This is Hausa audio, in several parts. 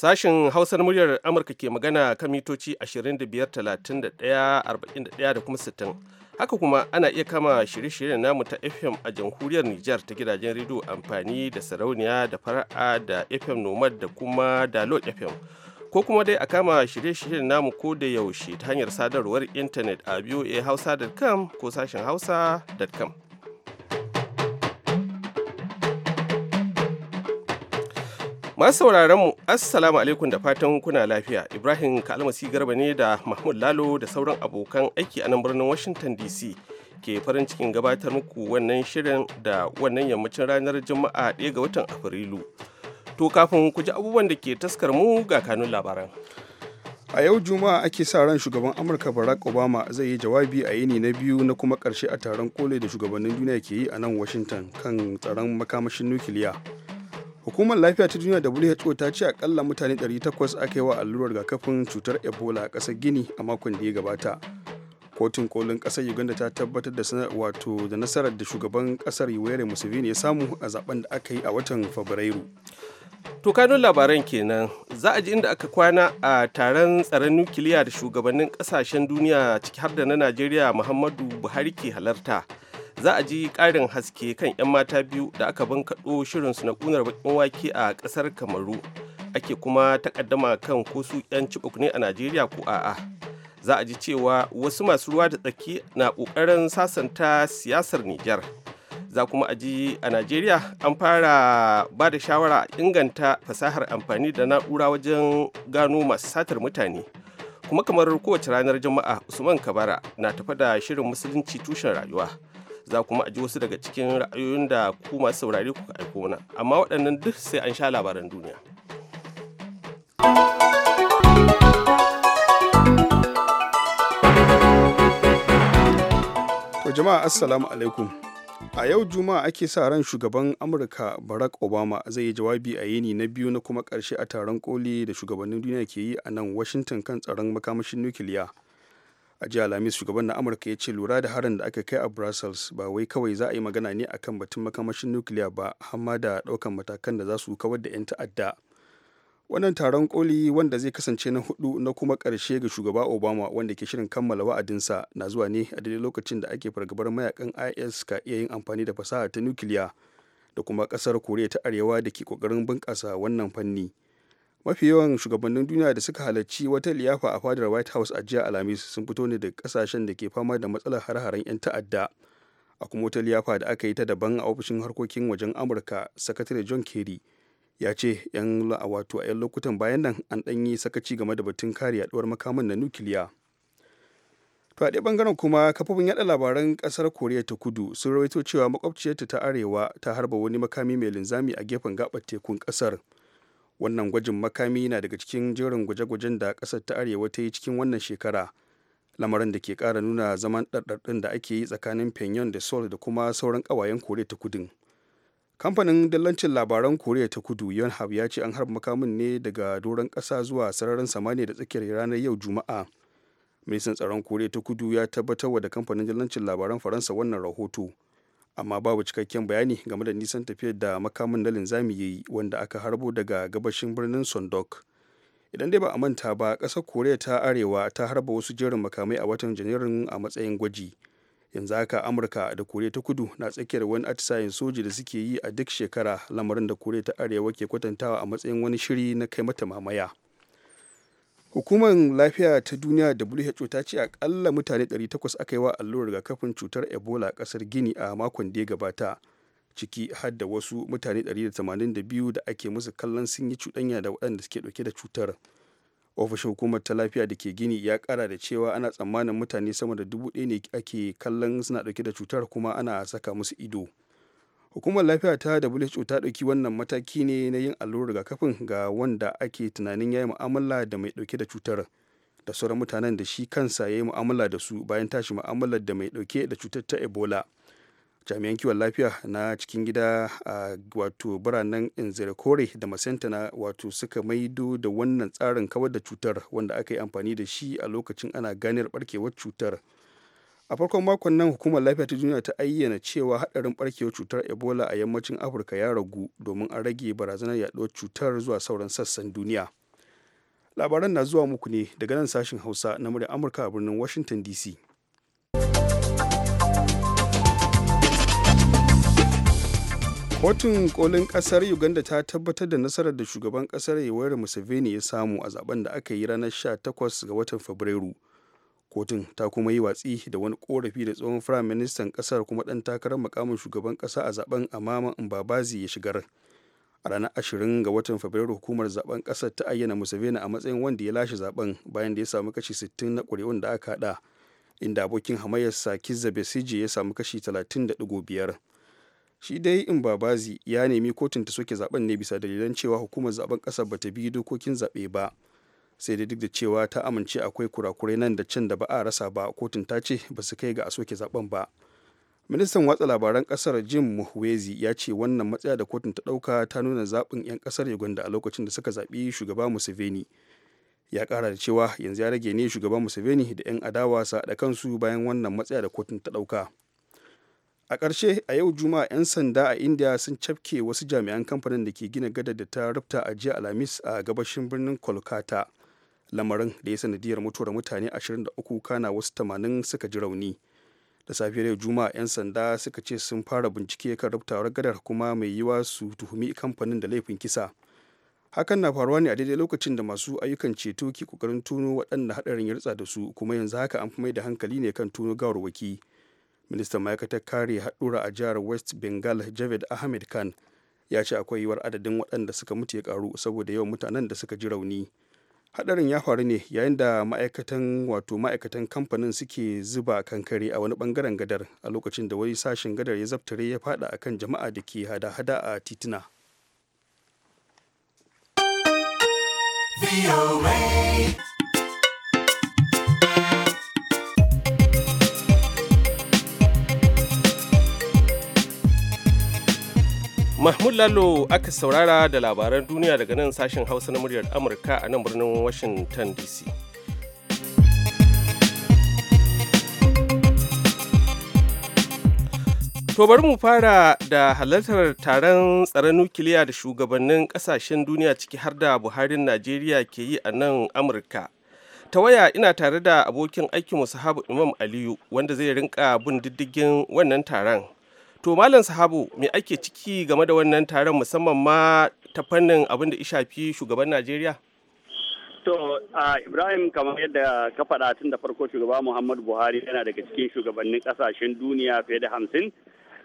Sashen Hausar muryar Amurka ke magana kan mitoci 25,31,41 da kuma 60. Haka kuma ana iya kama shirye-shiryen namu ta FM a jamhuriyar Nijar ta gidajen rediyo amfani da sarauniya da fara'a da FM Nomad da kuma Dalot FM. Ko kuma dai a kama shirye-shiryen namu ko da yaushe ta hanyar sadarwar intanet a voahausa.com ko sashen hausa.com. Masu sauraronmu mu Assalamu alaikum da fatan kuna lafiya. Ibrahim Kalmasi Garba ne da Mahmud Lalo da sauran abokan aiki a nan birnin Washington DC ke farin cikin gabatar muku wannan shirin da wannan yammacin ranar Juma'a 1 ga watan Afrilu. To kafin ku ji abubuwan da ke taskar mu ga kanun labaran. A yau Juma'a ake sa ran shugaban Amurka Barack Obama zai yi jawabi a yini na biyu na kuma karshe a taron kole da shugabannin duniya ke yi a nan Washington kan tsaron makamashin nukiliya. hukumar lafiya ta duniya da who ta ce akalla mutane 800 aka yi wa allurar rigakafin cutar ebola a ƙasar gini a makon da ya gabata kotun kolin ƙasar uganda ta tabbatar da wato da nasarar da shugaban ƙasar yoweri museveni ya samu a zaben da aka yi a watan fabrairu To labaran kenan za a ji inda aka kwana a taron tsaron nukiliya da shugabannin kasashen duniya ciki har da na Najeriya Muhammadu Buhari ke halarta. Za a ji ƙarin haske kan 'yan mata biyu da aka bankaɗo shirinsu na ƙunar baƙin wake a ƙasar Kamaru. Ake kuma takaddama kan ko su 'yan cibok ne a Najeriya ko a'a. Za a ji cewa wasu masu ruwa da tsaki na ƙoƙarin sasanta siyasar Nijar. za kuma a ji a najeriya an fara ba da shawara inganta fasahar amfani da na'ura wajen gano masu satar mutane kuma kamar kowace ranar juma'a usman kabara na tafa da shirin musulunci tushen rayuwa za kuma a ji wasu daga cikin ra'ayoyin da ku masu saurare kuka aiko mana amma waɗannan duk sai an sha labaran duniya jama'a assalamu alaikum a yau juma'a ake sa ran shugaban amurka barack obama zai yi jawabi a yini na biyu na kuma karshe a taron koli da shugabannin duniya ke yi a nan washington kan tsaron makamashin nukiliya a jiya alhamis shugaban na amurka ya ce lura da harin da aka kai a brussels ba wai kawai za a yi magana ne akan batun makamashin nukiliya ba hamma da daukan matakan da za su kawar da 'yan ta'adda wannan taron koli wanda zai kasance na hudu na kuma karshe ga shugaba obama wanda ke shirin kammala wa'adinsa na zuwa ne a daidai lokacin da ake fargabar mayakan is ka iya yin amfani da fasaha ta nukiliya da kuma kasar koriya ta arewa da ke kokarin bunƙasa wannan fanni mafi yawan shugabannin duniya da suka halarci wata liyafa a fadar white house a jiya alhamis sun fito ne daga kasashen da ke fama da matsalar hare-haren 'yan ta'adda a kuma wata liyafa da aka yi ta daban a ofishin harkokin wajen amurka sakatare john kerry ya ce yan wato a 'yan lokutan bayan nan an ɗan yi sakaci game da batun kare yaduwar makaman na nukiliya to a ɗaya bangaren kuma kafofin yaɗa labaran kasar koriya ta kudu sun rawaito cewa makwabciyarta ta arewa ta harba wani makami mai linzami a gefen gaɓar tekun ƙasar wannan gwajin makami na daga cikin jerin gwaje-gwajen da ƙasar ta arewa ta yi cikin wannan shekara lamarin da ke kara nuna zaman ɗarɗarɗin da ake yi tsakanin pyongyang da seoul da kuma sauran ƙawayen koriya ta kudu. kamfanin dillancin labaran koriya ta kudu yonhap ya ce an harba makamin ne daga doron ƙasa zuwa sararin samaniya da tsakiyar ranar yau juma'a ministan tsaron koriya ta kudu ya tabbatar da kamfanin dillancin labaran faransa wannan rahoto amma babu cikakken bayani game da nisan tafiyar da makamin na linzami ya yi wanda aka harbo daga gabashin birnin sondok idan dai ba a manta ba ƙasar koriya ta arewa ta harba wasu jerin makamai a watan janairun a matsayin gwaji yanzu haka amurka da koriya ta kudu na tsakiyar wani atisayen soji da suke yi a duk shekara lamarin da koriya ta arewa ke kwatantawa a matsayin wani shiri na kai mata mamaya hukumar lafiya ta duniya who ta ce akalla mutane 800 aka yi wa allurar rigakafin cutar ebola a kasar gini a makon da ya gabata ciki har da wasu mutane 182 da ake musu kallon sun yi cuɗanya da waɗanda suke ɗauke da cutar ofishin hukumar ta lafiya da ke gini ya kara da cewa ana tsammanin mutane sama da dubu ɗaya ne ake kallon suna ɗauke da cutar kuma ana saka musu ido hukumar lafiya ta who ta ɗauki wannan mataki ne na yin allurar rigakafin ga wanda ake tunanin ya yi mu'amala da mai ɗauke da cutar da sauran mutanen da shi kansa ya yi mu'amala da su bayan tashi mu'amalar da mai ɗauke da cutar ta ebola jami'an kiwon lafiya na cikin gida a wato biranen inzirikore da masenta na wato suka maido da wannan tsarin kawar da cutar wanda aka yi amfani da shi a lokacin ana ganar barkewar cutar a farkon makon nan hukumar lafiya ta duniya ta ayyana cewa hadarin barkewar cutar ebola a yammacin afirka ya ragu domin a rage barazanar yaduwar cutar zuwa sauran sassan duniya labaran na zuwa muku ne daga nan sashen hausa na murya amurka a birnin washington dc kotun kolin kasar uganda ta tabbatar da nasarar da shugaban kasar yoweri museveni ya samu a zaben da aka yi ranar 18 ga watan fabrairu kotun ta kuma yi watsi da wani korafi da tsohon firayim ministan kasar kuma dan takarar makamin shugaban kasa a zaben amama mbabazi ya shigar a ranar 20 ga watan fabrairu hukumar zaben kasar ta ayyana museveni a matsayin wanda ya lashe zaben bayan da ya samu kashi 60 na kuri'un da aka hada inda abokin hamayyarsa kizza besije ya samu kashi 30.5 shi dai in babazi ya nemi kotun ta soke zaben ne bisa dalilan cewa hukumar zaben kasar bata bi dokokin zaɓe ba sai dai duk da cewa ta amince akwai kurakurai nan da can da ba a rasa ba kotun ta ce ba su kai ga a soke zaben ba ministan watsa labaran kasar jim muhwezi ya ce wannan matsaya da kotun ta dauka ta nuna zaɓin 'yan kasar uganda a lokacin da suka zaɓi shugaba museveni ya ƙara da cewa yanzu ya rage ne shugaba museveni da 'yan adawa sa da kansu bayan wannan matsaya da kotun ta dauka. a ƙarshe a yau juma'a 'yan sanda a india sun cafke wasu jami'an kamfanin da ke gina gadar da ta rufta a jiya alhamis a gabashin birnin kolkata lamarin da ya sanadiyar mutuwar mutane 23 kana wasu 80 suka ji rauni da safiyar yau juma'a 'yan sanda suka ce sun fara bincike kan rubutawar gadar kuma mai yiwa su tuhumi kamfanin da laifin kisa hakan na faruwa ne a daidai lokacin da masu ayyukan ceto ke kokarin tuno waɗanda haɗarin ya da su kuma yanzu haka an fi mai da hankali ne kan tuno gawarwaki ministan ma'aikatar kare haɗura a jihar west bengal javed ahmed khan ya ce akwai yiwuwar adadin waɗanda suka mutu ya ƙaru saboda yawan mutanen da suka ji rauni haɗarin ya faru ne yayin da ma'aikatan wato ma'aikatan kamfanin suke zuba kankare a wani ɓangaren gadar a lokacin da wani sashen gadar ya zaftare ya fada akan jama'a da ke hada-hada a tituna Mahmud Lalo aka saurara da labaran duniya daga nan sashen Hausa na muryar Amurka a nan birnin Washington DC. To bari mu fara da halartar taron tsaron nukiliya da shugabannin kasashen duniya ciki har da Buharin Najeriya ke yi a nan Amurka. Ta waya ina tare da abokin aikinmu sahabu Imam Aliyu wanda zai rinka bin diddigin wannan taron. to malam sahabu me ake ciki game da wannan taron musamman ma ta fannin abin da shafi shugaban najeriya To, Ibrahim kamar yadda ka faɗa tun da farko shugaba Muhammadu Buhari yana daga cikin shugabannin ƙasashen duniya fiye da hamsin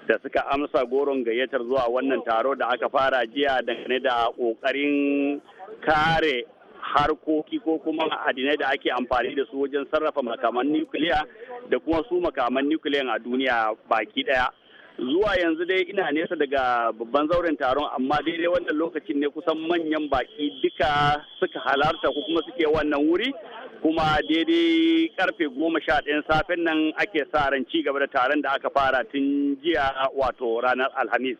da suka amsa goron gayyatar zuwa wannan taro da aka fara jiya dangane da ƙoƙarin kare harkoki ko kuma adinai da ake amfani da su wajen sarrafa makaman nukiliya da kuma su makaman nukiliyan a duniya baki daya. zuwa yanzu dai ina nesa daga babban zauren taron amma daidai wannan lokacin ne kusan manyan baki duka suka halarta ko kuma suke wannan wuri kuma daidai karfe goma sha ɗayan safen nan ake sa ran ci gaba da taron da aka fara tun jiya wato ranar alhamis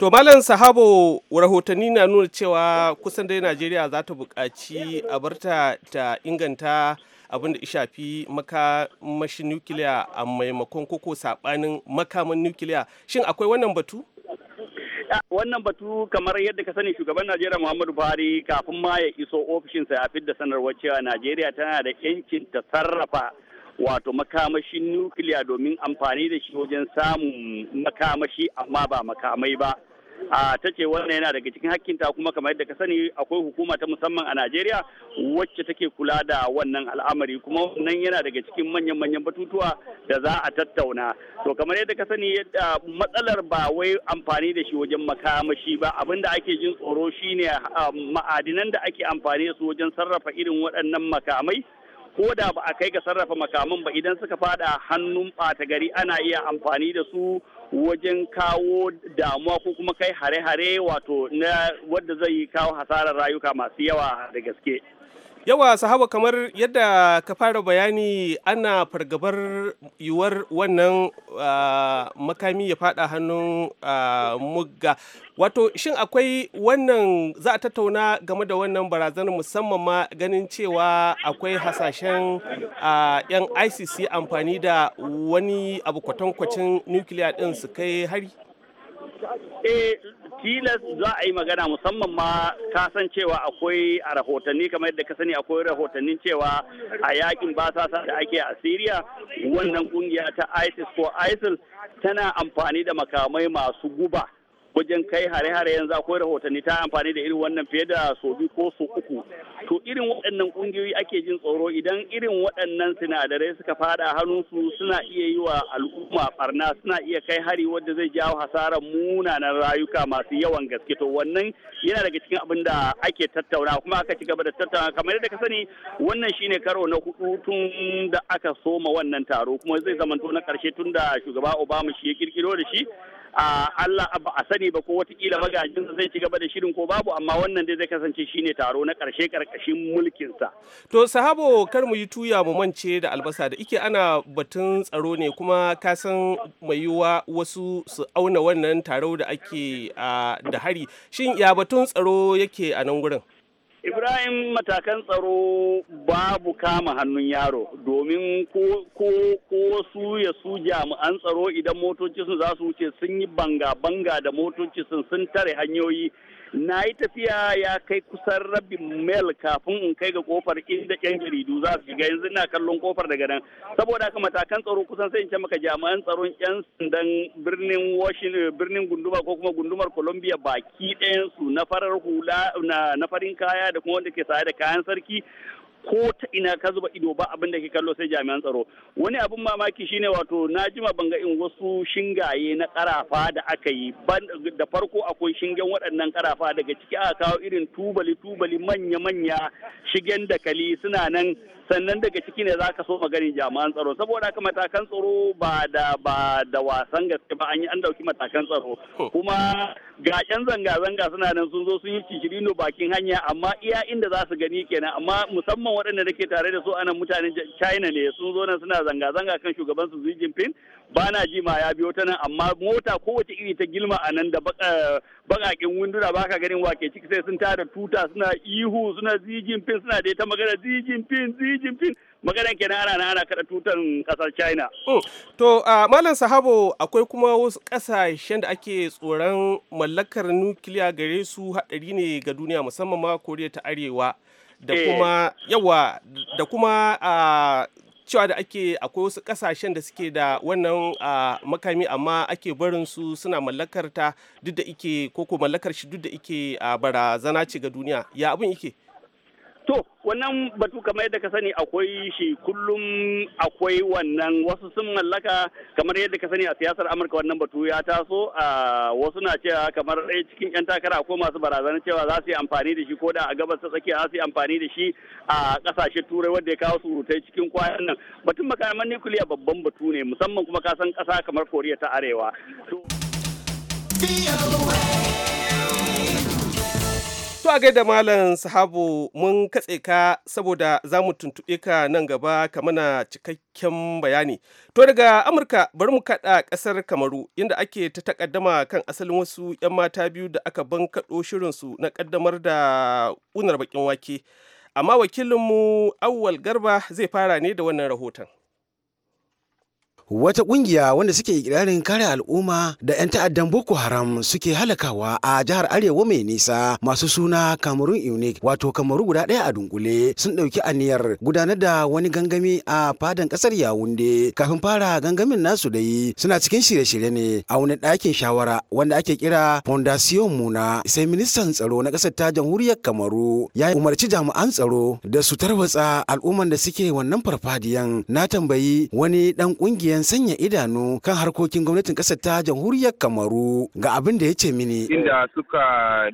To Malam Sahabo rahotanni na nuna cewa kusan dai Najeriya za ta buƙaci a barta ta inganta abin da shafi makamashin nukiliya a maimakon koko sabanin makaman nukiliya shin akwai wannan batu wannan batu kamar yadda ka sani shugaban najeriya muhammadu buhari kafin ma ya iso ofishinsa ya da sanarwar cewa najeriya tana da yancin ta sarrafa wato makamashin nukiliya domin amfani da shi wajen samun makamashi amma ba makamai ba a ta ce wannan yana daga cikin hakkinta kuma kamar yadda ka sani akwai hukuma ta musamman a Najeriya wacce take kula da wannan al'amari kuma wannan yana daga cikin manyan-manyan batutuwa da za a tattauna to kamar yadda ka sani yadda matsalar ba wai amfani da shi wajen makamashi ba abin da ake jin tsoro shine um, ma'adinan da ake amfani da su wajen sarrafa irin waɗannan makamai ko da ba a kai ga sarrafa makaman ba idan suka fada hannun ɓata gari ana iya amfani da su wajen kawo damuwa ko kuma kai hare-hare wato na wadda zai kawo hasarar rayuka masu yawa da gaske. yawa sahaba kamar yadda ka fara bayani ana fargabar yiwuwar wannan ah, makami ya fada hannun ah, mugga wato shin akwai wannan za a tattauna game da wannan barazanar musamman ma ganin cewa akwai hasashen ah, yan icc amfani da wani abu kwatankwacin nukiliya din su kai hari Eh, tilas za a yi magana musamman ma ka san cewa akwai a rahotanni kamar yadda ka sani akwai rahotannin cewa a yakin sa da ake a Siriya wannan kungiya ta ISIS ko ISIL tana amfani da makamai masu guba. wajen kai hare-hare yanzu akwai rahotanni ta amfani da irin wannan fiye da so biyu ko so uku to irin waɗannan ƙungiyoyi ake jin tsoro idan irin waɗannan sinadarai suka fada hannunsu suna iya yi wa al'umma barna suna iya kai hari wanda zai jawo hasarar munanan rayuka masu yawan gaske to wannan yana daga cikin abin da ake tattauna kuma aka ci gaba da tattauna kamar yadda ka sani wannan shine karo na hudu tun da aka soma wannan taro kuma zai zamanto na karshe tun da shugaba obama shi ya kirkiro da shi a Allah ba a sani ba ko watakila magajinsa zai ci gaba da shirin ko babu amma wannan dai zai kasance shine taro na karshe karkashin mulkinsa. To sahabo kar mu yi tuya mu mance da albasa da ike ana batun tsaro ne kuma ka san mai yiwuwa wasu su auna wannan taro da ake da hari shin ya batun tsaro yake a nan gurin? Ibrahim matakan tsaro babu kama hannun yaro domin ko su ya su jami'an tsaro idan motoci sun za su wuce sun yi banga-banga da motoci sun sun tare hanyoyi na yi tafiya ya kai kusan rabin mil kafin in kai ga kofar inda yan jaridu za su shiga yanzu ina kallon kofar daga nan saboda haka matakan tsaro kusan sai in ce maka jami'an tsaron yan sandan birnin washington eh, birnin gunduma ko kuma gundumar columbia baki ɗayan su na farar hula na farin kaya da kuma wanda ke saye da kayan sarki ko ta ina ka zuba ido ba abin da ke kallo sai jami'an tsaro wani abin mamaki shine wato na jima banga in wasu shingaye na karafa da aka yi da farko akwai shingen waɗannan karafa daga ciki aka kawo irin tubali tubali manya manya shigen dakali suna nan sannan daga ciki ne za ka so maganin jami'an tsaro saboda haka matakan tsaro ba da ba da wasan gaske ba an yi an dauki matakan tsaro oh. kuma ga yan zanga zanga suna nan sun zo sun yi no bakin hanya amma iya inda za su gani kenan amma musamman waɗanda da tare da su anan mutanen China ne sun zo nan suna zanga zanga kan shugaban su Xi Jinping ba na ji ma ya biyo ta nan amma mota kowace iri ta gilma a nan da bakakin wunduna baka ganin wake ciki sai sun tada tuta suna ihu suna Xi Jinping suna da ta magana Xi Jinping Xi Xi Jinping maganar kenan ana na ana kada tutan kasar China. To malam sahabo akwai kuma wasu kasashen da ake tsoron mallakar nukiliya gare su hadari ne ga duniya musamman ma Koriya ta Arewa. Da eh. kuma yawa da kuma cewa da ake akwai wasu kasashen da suke da wannan makami amma ake barin su suna mallakar ta duk da ike koko mallakar shi duk da ike barazana ce ga duniya ya abin ike To, wannan batu kamar yadda ka sani akwai shi kullum akwai wannan wasu sun mallaka kamar yadda ka sani a siyasar Amurka wannan batu ya taso a wasu na cewa kamar ɗaya cikin 'yan takara ko masu barazanar cewa za su yi amfani da shi ko da a gabas ta tsakiya za su yi amfani da shi a ƙasashe turai wanda ya kawo surutai cikin kwayan nan. Batun makaman nukiliya babban batu ne musamman kuma kasan ƙasa kamar Koriya ta Arewa. To a gaida Malam Sahabu mun katse ka saboda za mu tuntuɓe ka nan gaba ka mana cikakken bayani. To daga Amurka bari mu kaɗa ƙasar Kamaru inda ake ta takaddama kan asalin wasu 'yan mata biyu da aka ban bankaɗo shirinsu na ƙaddamar da unar bakin wake. Amma wakilinmu Awwal Garba zai fara ne da wannan rahoton. wata ƙungiya, wanda suke ikirarin kare al'umma da 'yan ta'addan boko haram suke halakawa a jihar arewa mai nisa masu suna kamarun unique wato kamaru guda ɗaya a dunkule sun ɗauki aniyar gudanar da wani gangami a fadan ƙasar yawunde kafin fara gangamin nasu dai suna cikin shirye-shirye ne a wani ɗakin shawara wanda ake kira fondation muna sai ministan tsaro na ƙasar ta jamhuriyar kamaru ya umarci jami'an tsaro da su tarwatsa al'umman da suke wannan farfadiyan na tambayi wani ɗan ƙungiyar wajen sanya idanu kan harkokin gwamnatin ƙasar ta jamhuriyar Kamaru ga abin da ya ce mini. Inda suka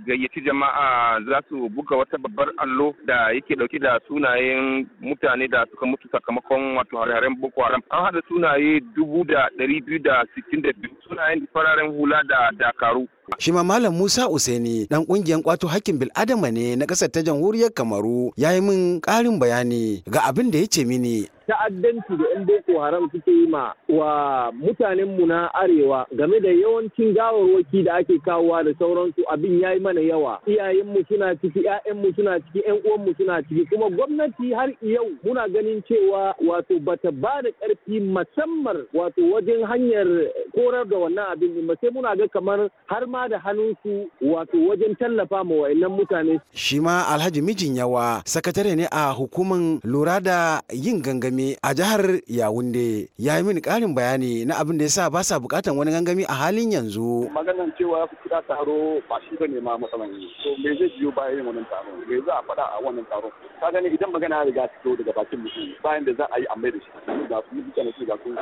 gayyaci jama'a za su buga wata babbar allo da yake dauke da sunayen mutane da suka mutu sakamakon wato hare Boko Haram. An haɗa sunaye dubu da ɗari biyu da sittin da biyu sunayen fararen hula da Dakaru. Shi ma Malam Musa Useni dan kungiyar kwato hakkin bil'adama ne na kasar ta jamhuriyar Kamaru ya yi min karin bayani ga abin da ya ce mini. Ta'addanci da 'yan Boko Haram suke yi ma wa mutanen mu na arewa game da yawancin gawarwaki da ake kawowa da sauransu abin ya yi mana yawa. Iyayenmu suna ciki, 'ya'yanmu suna ciki, 'yan uwanmu suna ciki. Kuma gwamnati har yau muna ganin cewa wato bata ba da ƙarfi musamman wato wajen hanyar korar da wannan abin ba sai muna ga kamar har ma da hannunsu wato wajen tallafa ma wa'annan mutane. Shi ma Alhaji Mijin Yawa sakatare ne a hukumar lura da yin gangami a jihar Yawunde. Ya yi mini ƙarin bayani na abin da ya sa ba sa buƙatan wani gangami a halin yanzu. Maganan cewa ya kira taro ba shi ba ne ma matsalan yi. To me zai biyo bayan wannan taro? Me za a faɗa a wannan taro? Ka gani idan magana ya riga fito daga bakin mutum bayan da za a yi amai da shi. Ga su mutane su ga su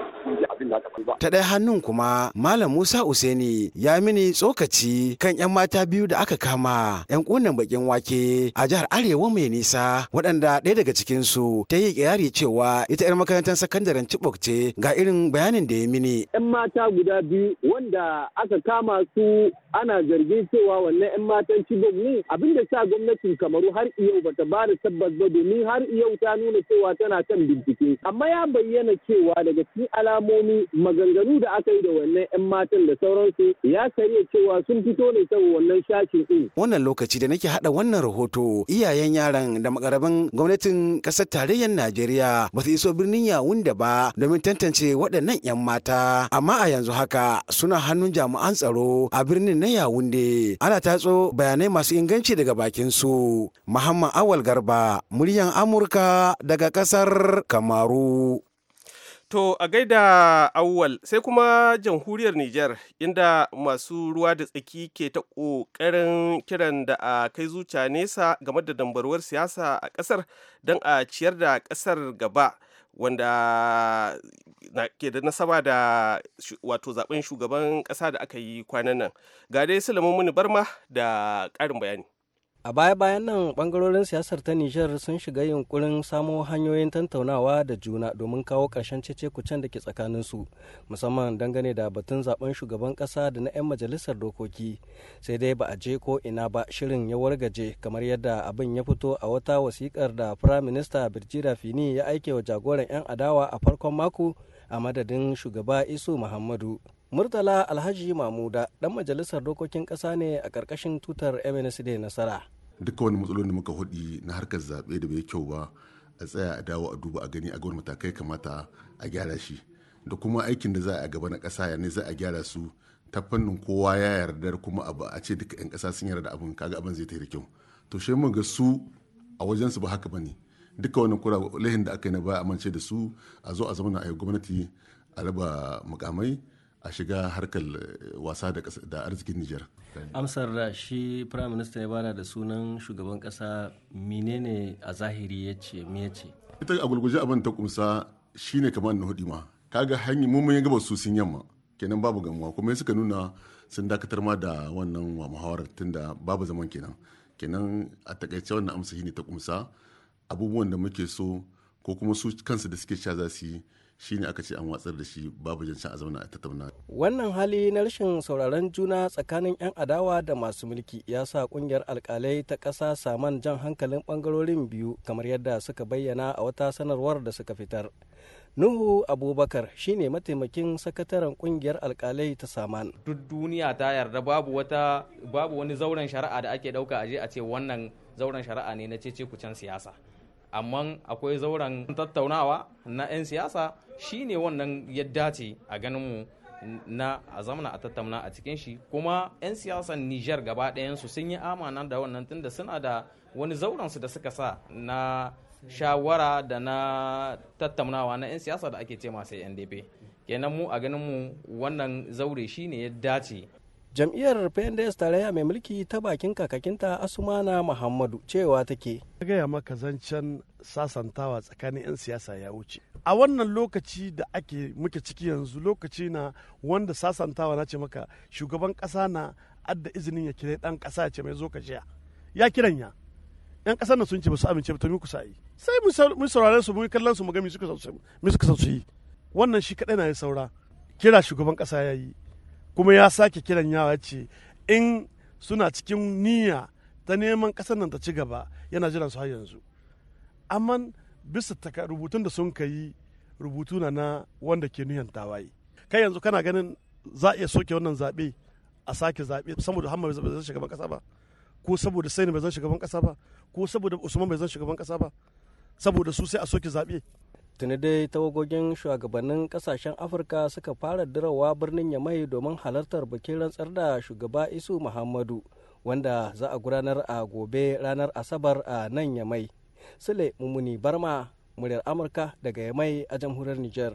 abin da aka Ta ɗaya hannun kuma Malam Musa Useni ya mini tsoka lokaci kan 'yan mata biyu da aka kama 'yan kunan bakin wake a jihar Arewa mai nisa waɗanda ɗaya daga cikinsu ta yi kirari cewa ita 'yar makarantar sakandaren cibok ce ga irin bayanin da ya mini. 'Yan mata guda biyu wanda aka kama su ana zargin cewa wannan 'yan matan cibok ne abinda sa gwamnatin Kamaru har iyau bata ba da tabbas ba domin har iyau ta nuna cewa tana kan bincike. Amma ya bayyana cewa daga cikin alamomi maganganu da aka yi da wannan 'yan matan da sauransu ya karya cewa cewa sun fito ne saboda wannan shashin din. Wannan lokaci da nake haɗa wannan rahoto iyayen yaran da makarabin gwamnatin ƙasar tarayyar Najeriya ba su iso birnin Yawunde ba domin tantance waɗannan 'yan mata amma a yanzu haka suna hannun jami'an tsaro a birnin na Yawunde ana tatso bayanai masu inganci daga bakin su Muhammad Awal Garba muryan Amurka daga kasar Kamaru. To a gaida awwal sai kuma jamhuriyar Nijar inda masu ruwa da tsaki ke ta ƙoƙarin kiran da a kai zuciya nesa game da dambarwar siyasa a ƙasar don a ciyar da ƙasar gaba wanda na, ke da nasaba da wato zaben shugaban ƙasa da aka yi kwanan nan. Ga dai Sulaiman Muni Barma da ƙarin bayani. a baya-bayan nan bangarorin siyasar ta nijar sun shiga yunkurin samo hanyoyin tantaunawa da juna domin kawo ƙarshen cece kucen da ke tsakaninsu musamman dangane da batun zaben shugaban ƙasa da na 'yan majalisar dokoki sai dai ba a je ko ina ba shirin ya wargaje kamar yadda abin ya fito a wata wasikar da firaminista birjira fini ya aike wa jagoran 'yan adawa a farkon mako a madadin shugaba isu muhammadu murtala alhaji mamuda dan majalisar dokokin ƙasa ne a ƙarƙashin tutar da nasara duk wani matsalolin da muka hudi na harkar zaɓe da bai kyau ba a tsaya a dawo a duba a gani a gwamnati matakai kamata a gyara shi da kuma aikin da za a gaba na ƙasa ya ne za a gyara su ta fannin kowa ya yarda kuma abu a ce duka 'yan ƙasa sun yarda abin kaga abin zai ta da kyau to shi mun ga su a wajen su ba haka bane duka wani kura lahin da aka yi na baya amince da su a zo a zamana a yi gwamnati a raba mukamai a shiga harkar eh, wasa da arzikin Nijar. Amsar da shi Prime Minister ya bada da sunan shugaban kasa menene a zahiri ya ce me ce? Ita a gulguje abin ta kumsa shine kamar na hudu ma. Kaga hanyar mummun gaba su sun yamma kenan babu gamuwa kuma ya suka nuna sun dakatar ma da wannan muhawarar tunda babu zaman kenan. Kenan a takaice wannan amsa shine ta kumsa abubuwan da muke so ko kuma su kansu da suke sha za su yi shine aka ce an watsar da shi babu jan a zauna a tattauna. Wannan hali na rashin sauraron juna tsakanin 'yan adawa da masu mulki ya sa kungiyar alkalai ta kasa saman jan hankalin bangarorin biyu kamar yadda suka bayyana a wata sanarwar da suka fitar. Nuhu Abubakar shine mataimakin sakataren kungiyar alkalai ta saman. Duk duniya ta yarda babu wata babu wani zauren shari'a da ake dauka je a ce wannan zauren shari'a ne na cece siyasa. amma akwai zauren tattaunawa na 'yan siyasa shine wannan ya dace a ganin na a zamana a tattauna a cikin shi kuma 'yan siyasan Nijar gaba dayansu sun yi amana da wannan tunda suna da wani zaurensu da suka sa na shawara da na tattaunawa na 'yan siyasa da ake ce masu NDP kenan mu a ganin mu wannan zaure shine ya dace jam'iyyar pnds tarayya mai mulki ta bakin kakakinta asumana muhammadu cewa take gaya maka zancen sasantawa tsakanin 'yan siyasa ya wuce a wannan lokaci da ake muke ciki yanzu lokaci na wanda sasantawa na ce maka shugaban kasa na adda izinin ya kira dan kasa ce mai zo ka jiya ya kiran ya yan ƙasar na sun ce ba su amince ba to mi kusa yi sai mu saurare su mu kallon su mu ga mi suka su yi wannan shi kadai na ya saura kira shugaban kasa ya yi kuma ya sake kiran yawa ce in suna cikin niyya ta neman ƙasar nan ta ci gaba yana jiran su har yanzu amma bisa rubutun da sun ka yi rubutu na na wanda ke nuyan tawaye kai yanzu kana ganin za a iya soke wannan zaɓe a sake zaɓe saboda hamma bai zama shugaban ƙasa ba ko saboda sai bai zama shugaban ƙasa ba ko saboda usman bai zama shugaban ƙasa ba saboda su sai a soke zaɓe tuni dai tawagogin shugabannin kasashen afirka suka fara dirawa birnin yamai domin halartar bikin rantsar da shugaba isu muhammadu wanda za a gudanar a gobe ranar asabar a nan yamai sule mummuni barma muryar amurka daga yamai a jamhuriyar niger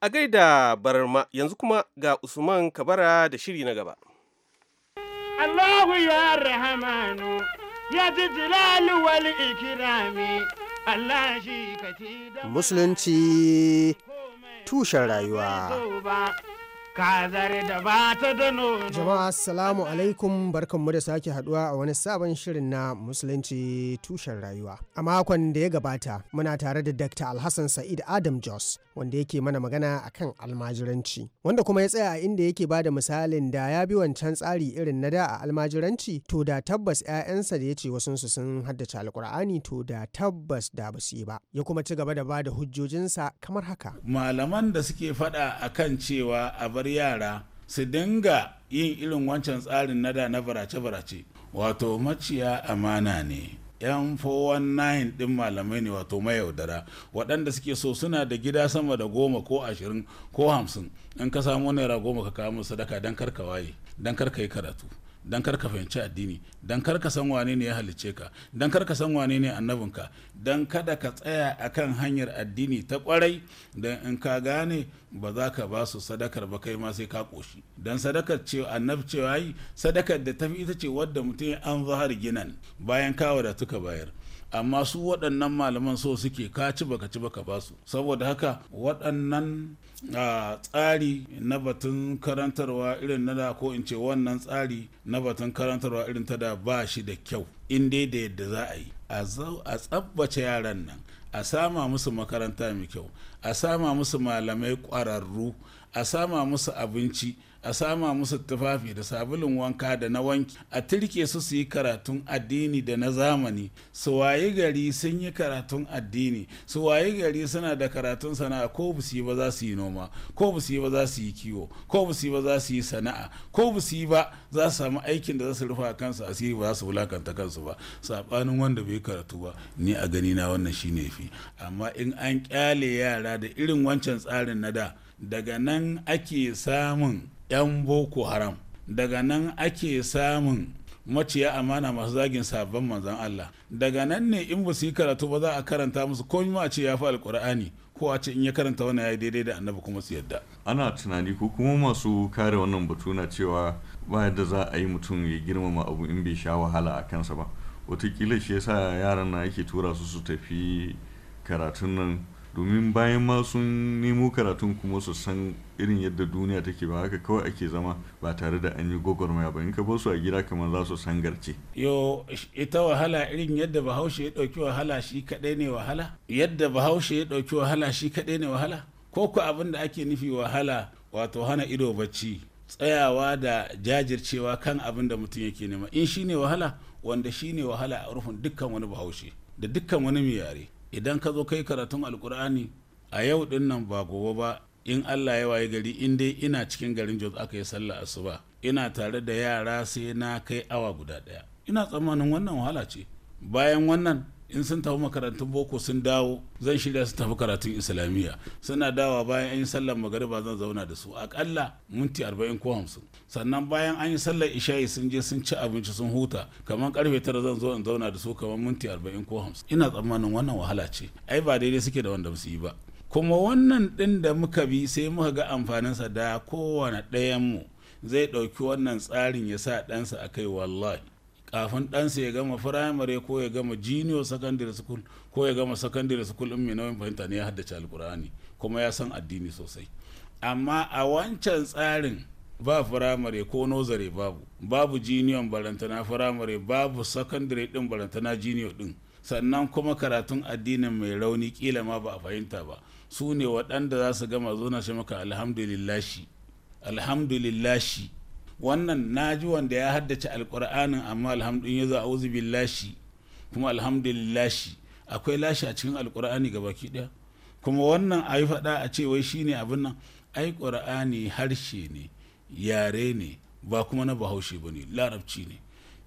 a gaida barma yanzu kuma ga usman kabara da shiri na gaba allahu ya rahamanu ya ji wal ikirami Musulunci tushen rayuwa. Jama'a salamu alaikum barkanmu da sake haduwa a wani sabon shirin na musulunci tushen rayuwa. A makon da ya gabata muna tare da Dr. Alhassan Sa'id Adam Jos wanda yake mana magana akan almajiranci. Wanda kuma ya tsaya a inda yake ba da misalin da ya bi wancan tsari irin na da a almajiranci to da tabbas 'ya'yansa da ya ce wasu sun haddace alkur'ani to da tabbas da ba yi ba. Ya kuma ci gaba da ba hujjojinsa kamar haka. Malaman da suke faɗa akan cewa a bar yara su dinga yin irin wancan tsarin na da na barace-barace wato maciya amana ne yan 419 din malamai ne wato mayaudara waɗanda suke so suna da gida sama da goma ko ashirin ko hamsin in ka samu naira goma ka kawo musu sadaka don karka waye don karka yi karatu dan kar ka fahimci addini dan kar ka san wane ne ya halicce ka dan kar ka san wane ne ka. dan kada ka tsaya akan hanyar addini ta kwarai dan in ka gane ba za ka ba su sadakar ba kai ma sai ka koshi dan sadakar ce annab ce yi sadakar da tafi ita ce wadda mutum an zahar ginan bayan ka da tuka bayar amma su waɗannan malaman so suke ka ci baka ci baka ba su saboda haka waɗannan tsari na batun karantarwa irin na da ko in ce wannan tsari na batun karantarwa irin ta da ba shi da kyau in dai da yadda za a yi a tsabbace yaran nan a sama musu makaranta mai kyau a sama musu malamai ƙwararru a sama musu abinci a sama musu tufafi da sabulun wanka da na wanki a turke su su yi karatun addini da na zamani su wayi gari sun yi karatun addini su wayi gari suna da karatun sana'a ko bu su yi ba za su yi noma ko bu su yi ba za su yi kiwo ko bu su yi ba za su yi sana'a ko bu su yi ba za su samu aikin da za su rufa kansu asiri ba za su wulakanta kansu ba sabanin wanda bai karatu ba ni a gani na wannan shine fi amma in an kyale yara da irin wancan tsarin na da daga nan ake samun 'yan boko haram daga nan ake samun maciya amana masu zagin sabon manzan Allah daga nan ne in ba su yi karatu ba za a karanta musu ko ma ce ya fi alkur'ani ko a ce in ya karanta wani ya daidai da annabi kuma su yadda ana tunani ko kuma masu kare wannan batu na cewa ba yadda za a yi mutum ya girmama abu in bai sha wahala a kansa ba watakila shi yasa yaran na yake tura su su tafi karatun nan domin bayan ma sun nemo karatun kuma su san irin yadda duniya take ba haka kawai ake zama ba tare da an yi gwagwarmaya ba in ka su a gida kamar za su san garce yo ita wahala irin yadda bahaushe ya ɗauki wahala shi kaɗai ne wahala yadda bahaushe ya ɗauki wahala shi kaɗai ne wahala ko ku abin da ake nufi wahala wato hana ido bacci tsayawa da jajircewa kan abin da mutum yake nema in shi ne wahala wanda shi ne wahala a rufin dukkan wani bahaushe da dukkan wani mai yare idan ka zo kai karatun alkur'ani a yau din nan ba gobe ba in allah ya waye gari in dai ina cikin garin jos aka yi sallah asuba ina tare da yara sai na kai awa guda daya ina tsammanin wannan wahala ce bayan wannan in sun tafi makarantun boko sun dawo zan shirya su tafi karatun islamiyya suna dawa bayan an yi sallar magariba zan zauna da su akalla minti arba'in ko hamsin sannan bayan an yi sallar isha'i sun je sun ci abinci sun huta kamar karfe tara zan zo in zauna da su kamar minti arba'in ko hamsin ina tsammanin wannan wahala ce ai ba daidai suke da wanda ba su yi ba kuma wannan din da muka bi sai muka ga amfanin sa da kowane mu zai ɗauki wannan tsarin ya sa ɗansa a kai wallahi kafin ɗansa ya gama firamare ko ya gama junior secondary school ko ya gama secondary school in mai nauyin fahimta ne ya haddace alkur'ani kuma ya san addini sosai amma a wancan tsarin ba firamare ko nozare babu babu junior barantana firamare babu secondary din barantana junior din sannan kuma karatun addinin mai rauni kila ma ba a fahimta ba su ne waɗanda za su gama zo na shi maka alhamdulillahi alhamdulillashi wannan naji wanda ya haddace alkur'anin amma alhamdulillah auzu a'udhu billahi kuma alhamdulillah akwai lashi a cikin alkur'ani ga baki ɗaya kuma wannan ayi faɗa a ce wai shine abin nan ai qur'ani harshe ne yare ne ba kuma na bahaushe ba ne larabci ne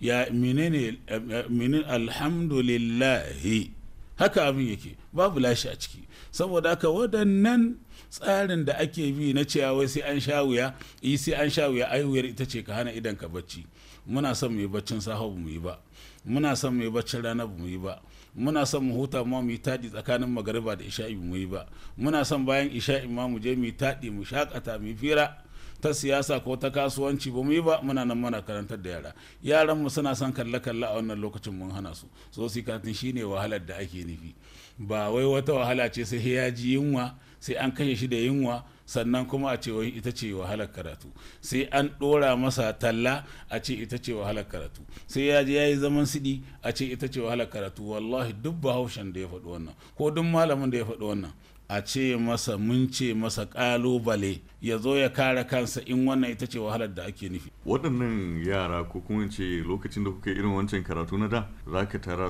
ya menene eh, eh, alhamdulillahi haka abin yake babu lashi a ciki saboda haka waɗannan tsarin da ake bi na cewa wai sai an sha wuya yi eh sai an sha wuya ai ita ce ka hana idan ka bacci muna son mu yi baccin saha mu yi ba muna son mu baccin rana mu yi ba muna son mu huta ma mu yi taɗi tsakanin magariba da isha'i mu yi ba muna son bayan isha'i ma mu je mu yi taɗi mu shakata mu yi fira ta siyasa ko ta kasuwanci ba mu yi ba muna nan mana karantar da yara yaran mu suna son kalle kalle a wannan lokacin mun hana su so sikatin shine wahalar da ake nufi ba wai wata wahala ce sai ya ji yunwa sai an kashe shi da yunwa sannan kuma a ce ita ce wahalar karatu sai an dora masa talla a ce ita ce wahalar karatu sai ya je ya yi zaman siɗi a ce ita ce wahalar karatu wallahi duk bahaushen da ya faɗi wannan ko duk malamin da ya faɗi wannan a ce masa mun ce masa kalubale ya zo ya kare kansa in wannan ita ce wahalar da ake nufi waɗannan yara ko kuma ce lokacin da kuka irin wancan karatu na da za ka tara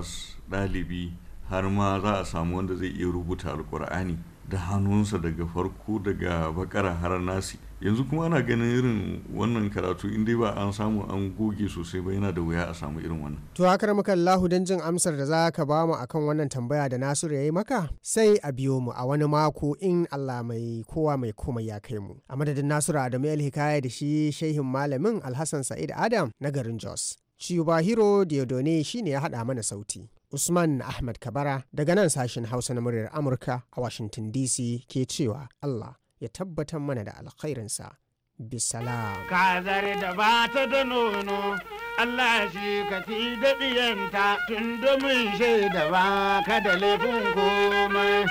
ɗalibi har ma za a samu wanda zai iya rubuta alkur'ani da hannunsa daga farko daga bakara har nasi yanzu kuma ana ganin irin wannan karatu in dai ba an samu an goge sosai ba yana da wuya a samu irin wannan to haka muka lahu dan jin amsar da za ka ba mu akan wannan tambaya da Nasiru ya yi maka sai a biyo mu a wani mako in Allah mai kowa mai komai ya kai mu a madadin Nasiru Adamu hikaya da shi shehin malamin Alhassan Sa'id Adam na garin Jos Chiyubahiro Diodone shine ya haɗa mana sauti. Usman Ahmad Kabara daga nan sashen Hausa na muryar Amurka a Washington DC ke cewa Allah ya tabbatar mana da alkhairinsa bisalam kazar da ba da nono Allah shi ka fi daɗiyanta tun domin shaida ba ka laifin komai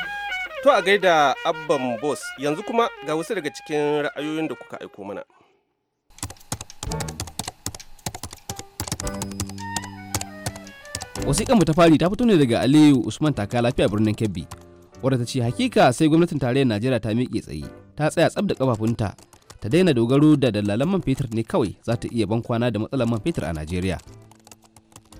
To a gaida abban bos yanzu kuma ga wasu daga cikin ra'ayoyin da kuka aiko mana. Wasiƙanmu ta fari ta fito ne daga Aliyu Usman Taka lafiya birnin Kebbi, wadda ta ce hakika sai gwamnatin tarayyar Najeriya ta miƙe tsaye ta tsaya tsab da kafafunta ta daina dogaro da dalalan man fetur ne kawai za ta iya ban kwana da matsalar man fetur a Najeriya.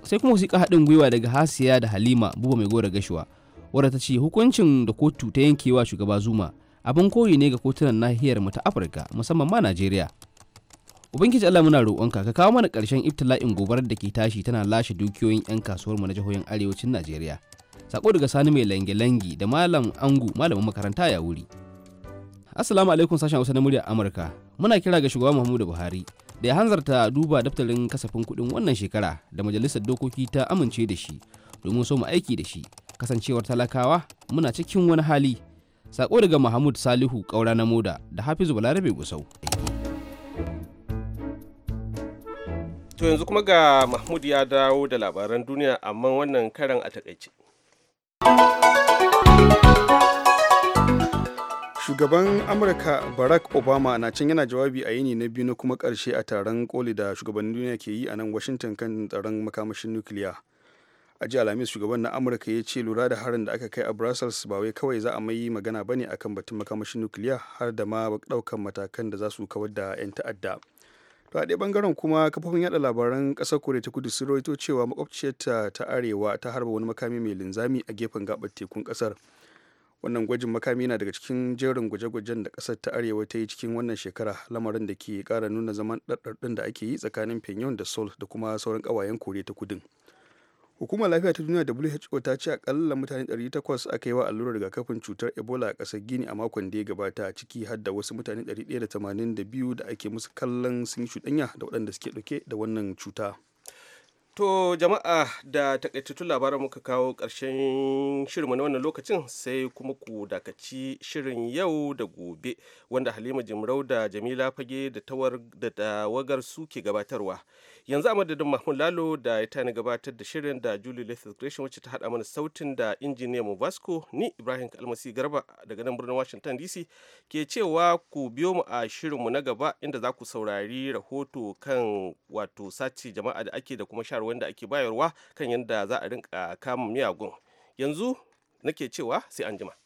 Sai kuma wasiƙa haɗin gwiwa daga Hasiya da Halima Buba Mai Gora Gashuwa, wadda ta ce hukuncin da kotu ta yankewa shugaba Zuma abin koyi ne ga kotunan nahiyar mu ta Afirka musamman ma Najeriya. Ubangiji Allah muna roƙonka ka kawo mana ƙarshen ibtila'in gobarar da ke tashi tana lashe dukiyoyin 'yan kasuwar mu na jihohin arewacin Najeriya. Sako daga Sani mai lange-langi da Malam Angu malamin makaranta ya wuri. Assalamu alaikum sashen Hausa na murya Amurka. Muna kira ga shugaba Muhammadu Buhari da ya hanzarta duba daftarin kasafin kuɗin wannan shekara da majalisar dokoki ta amince da shi domin so mu aiki da shi kasancewar talakawa muna cikin wani hali. Sako daga Mahmud Salihu Kaura na Moda da Hafizu Balarabe Gusau. To yanzu kuma ga Mahmud ya dawo da labaran duniya amma wannan karan a takaice. shugaban amurka barack obama na can yana jawabi a yini na biyu na kuma karshe a taron koli da shugabannin duniya ke yi a nan washington kan tsaron makamashin nukiliya a ji alhamis shugaban na amurka ya ce lura da harin da aka kai a brussels ba wai kawai za a mai magana bane kan batun makamashin nukiliya har da ma daukan matakan da za su kawar da 'yan ta'adda to a ɗaya bangaren kuma kafofin yaɗa labaran ƙasar koriya ta kudu sun rawaito cewa makwabciyarta ta arewa ta harba wani makami mai linzami a gefen gabar tekun ƙasar wannan gwajin makami na daga cikin jerin gwaje-gwajen da kasar ta arewa ta yi cikin wannan shekara lamarin da ke kara nuna zaman ɗarɗarɗin da ake yi tsakanin pyongyang da seoul da kuma sauran ƙawayen koriya ta kudin hukumar lafiya ta duniya who ta ce akalla mutane 800 aka yi wa allurar rigakafin cutar ebola a ƙasar gini a makon da ya gabata a ciki har da wasu mutane 182 da ake musu kallon sun yi cuɗanya da waɗanda suke ɗauke da wannan cuta. To jama'a da takaitattun labaran muka kawo ƙarshen shirinmu na wannan lokacin sai kuma ku dakaci shirin yau da gobe wanda Halima Jimrau da Jamila Fage da tawagar su ke gabatarwa. yanzu a madadin mahmud lalo da ya tani gabatar da shirin da julie lethal gresham wacce ta haɗa mana sautin da injiniya mu vasco ni ibrahim kalmasi garba daga nan birnin washington dc ke cewa ku biyo mu a shirinmu na gaba inda za ku saurari rahoto kan wato sace jama'a da ake da kuma sharwar da ake bayarwa kan yadda za a rinka kama miyagun yanzu nake cewa sai an jima